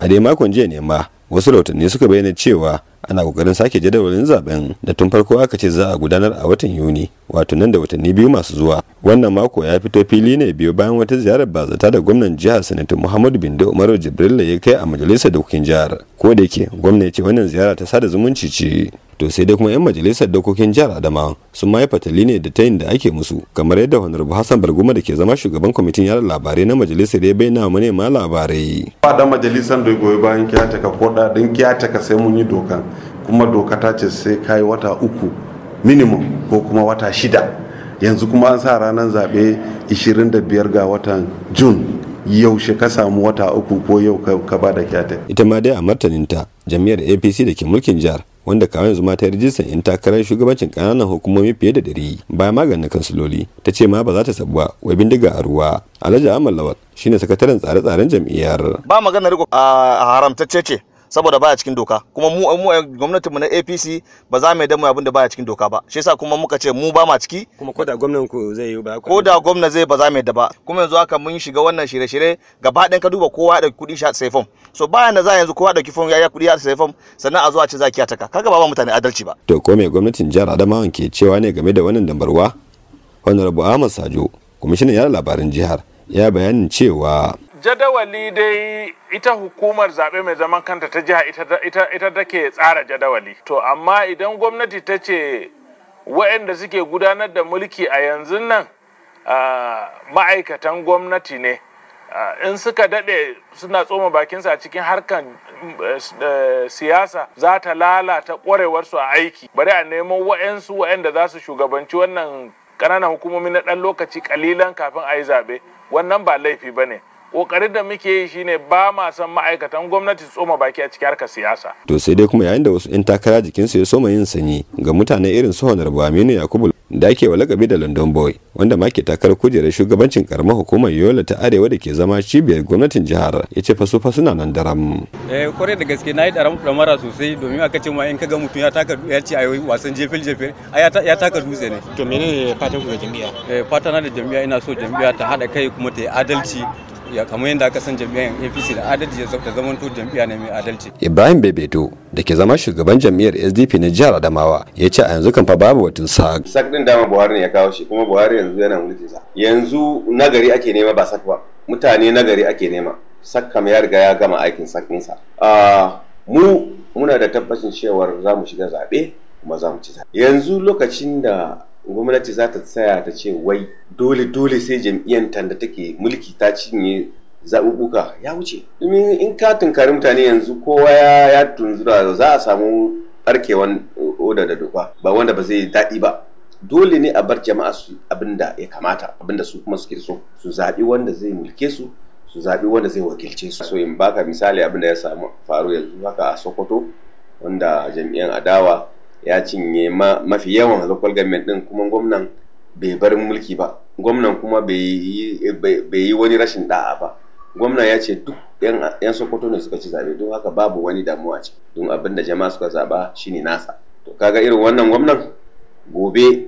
a dai makon jiya ne ma wasu rahotanni suka bayyana cewa ana kokarin sake jadawalin zaben da tun farko aka ce za a gudanar a watan yuni wato nan da watanni biyu masu zuwa wannan mako ya fito fili ne biyu bayan wata ziyarar bazata da gwamnan jihar sanata muhammadu bindo umaru jibrilla ya kai a majalisar dokokin jihar ko da yake gwamna ya ce wannan ziyara ta sada zumunci ce to sai dai kuma 'yan majalisar dokokin jihar adama sun maye fatali ne da tayin da ake musu kamar yadda honorable hassan barguma da ke zama shugaban kwamitin yada labarai na majalisar ya bayyana wa manema labarai ba da majalisar da goyi bayan kiyataka ko da din kiyataka sai mun yi dokan kuma doka ta ce sai kai wata uku minimum ko kuma wata shida yanzu kuma an sa ranar zaɓe 25 ga watan jun yaushe ka samu wata uku ko yau ka ba da kyata. Ita ma dai a martaninta jami'ar APC da ke mulkin jihar wanda kawo yanzu ma ta yi rijistar 'yan takarar shugabancin kananan hukumomi fiye da ɗari bayan maganin kansiloli ta ce ma ba za ta sabu wai bindiga a ruwa alhaji amal lawal shine sakataren tsare-tsaren jam'iyyar ba magana riko a haramtacce ce saboda baya cikin doka kuma mu mu gwamnatinmu na APC ba za mu yadda mu abin da baya cikin doka ba shi yasa kuma muka ce mu ba ma ciki kuma koda gwamnan ku zai yi ba koda gwamna zai ba za mu yadda ba kuma yanzu haka mun shiga wannan shirye-shirye gaba ɗayan ka duba kowa ya ɗauki kuɗi shi sai fom so bayan da za yanzu kowa ɗauki fom ya ya kuɗi ya sai fom sannan a zuwa ce za ki taka kaga ba ba mutane adalci ba to ko me gwamnatin jihar Adamawa ke cewa ne game da wannan dambarwa honorable Ahmad Sajo kwamishinan yada labarin jihar ya bayanin cewa jadawali dai ita hukumar zaɓe mai zaman kanta ta jiha ita da ke tsara jadawali to amma idan gwamnati ta ce waɗanda suke gudanar da mulki a yanzu nan ma'aikatan gwamnati ne in suka daɗe suna tsoma bakinsa a cikin harkan eh, eh, siyasa za ta lalata ƙwarewarsu a aiki bari a neman waɗansu waɗanda za su shugabanci wannan ƙananan hukumomi na ɗan lokaci ƙalilan kafin a yi zaɓe wannan ba laifi ba ne kokarin da muke yi shine ba ma san ma'aikatan gwamnati su tsoma baki a cikin harkar siyasa. To sai dai kuma yayin da wasu 'yan takara su ya soma yin sanyi ga mutane irin su Honorable Aminu Yakubu da ake wa lakabi da London Boy wanda ma ke takarar kujerar shugabancin karamar hukumar Yola ta Arewa da ke zama cibiyar gwamnatin jihar ya ce fasu fa suna nan daram. Eh kore da gaske na yi daram mara sosai domin aka ce ma in kaga mutum ya taka ya ce ayoyi wasan jefil jefil ya taka dutse ne. To menene fatan ku da jami'a? Eh fata na da jami'a ina so jami'a ta hada kai kuma ta yi adalci ya kamar yadda aka san jami'an apc da adalci da zaman to jami'a ne mai adalci ibrahim bebeto da ke zama shugaban jami'ar sdp na jihar adamawa ya ce a yanzu kan fa babu watan sak sak din dama buhari ne ya kawo shi kuma buhari yanzu yana mulkin sa yanzu nagari ake nema ba sak ba mutane nagari ake nema sak kam ya riga ya gama aikin sa mu muna da tabbacin cewar za mu shiga zaɓe kuma za mu ci yanzu lokacin da gwamnati za ta tsaya ta ce wai dole dole sai jam'iyyar ta da take mulki ta cinye zaɓuɓɓuka ya wuce domin in ka tunkari mutane yanzu kowa ya tunzura za a samu barkewan oda da doka ba wanda ba zai daɗi ba dole ne a bar jama'a su abin da ya kamata abin da su kuma suke so su zaɓi wanda zai mulke su su zaɓi wanda zai wakilce su so in baka misali abin da ya samu faru yanzu haka a sokoto wanda jam'iyyar adawa ya cinye mafi yawan local government din kuma gwamnan bai bar mulki ba gwamnan kuma bai yi wani rashin da'a ba gwamna ya ce duk yan sokoto ne suka ci zabe don haka babu wani damuwa ce, don abin da jama'a suka zaba ne nasa to kaga irin wannan gwamnan gobe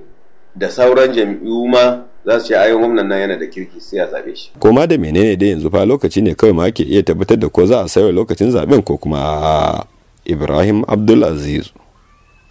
da sauran jam'iyyu ma za su ce ayin gwamnan nan yana da kirki sai a zabe shi koma da menene dai yanzu fa lokaci ne kawai ma ke iya tabbatar da ko za a sayo lokacin zaben ko kuma ibrahim abdulaziz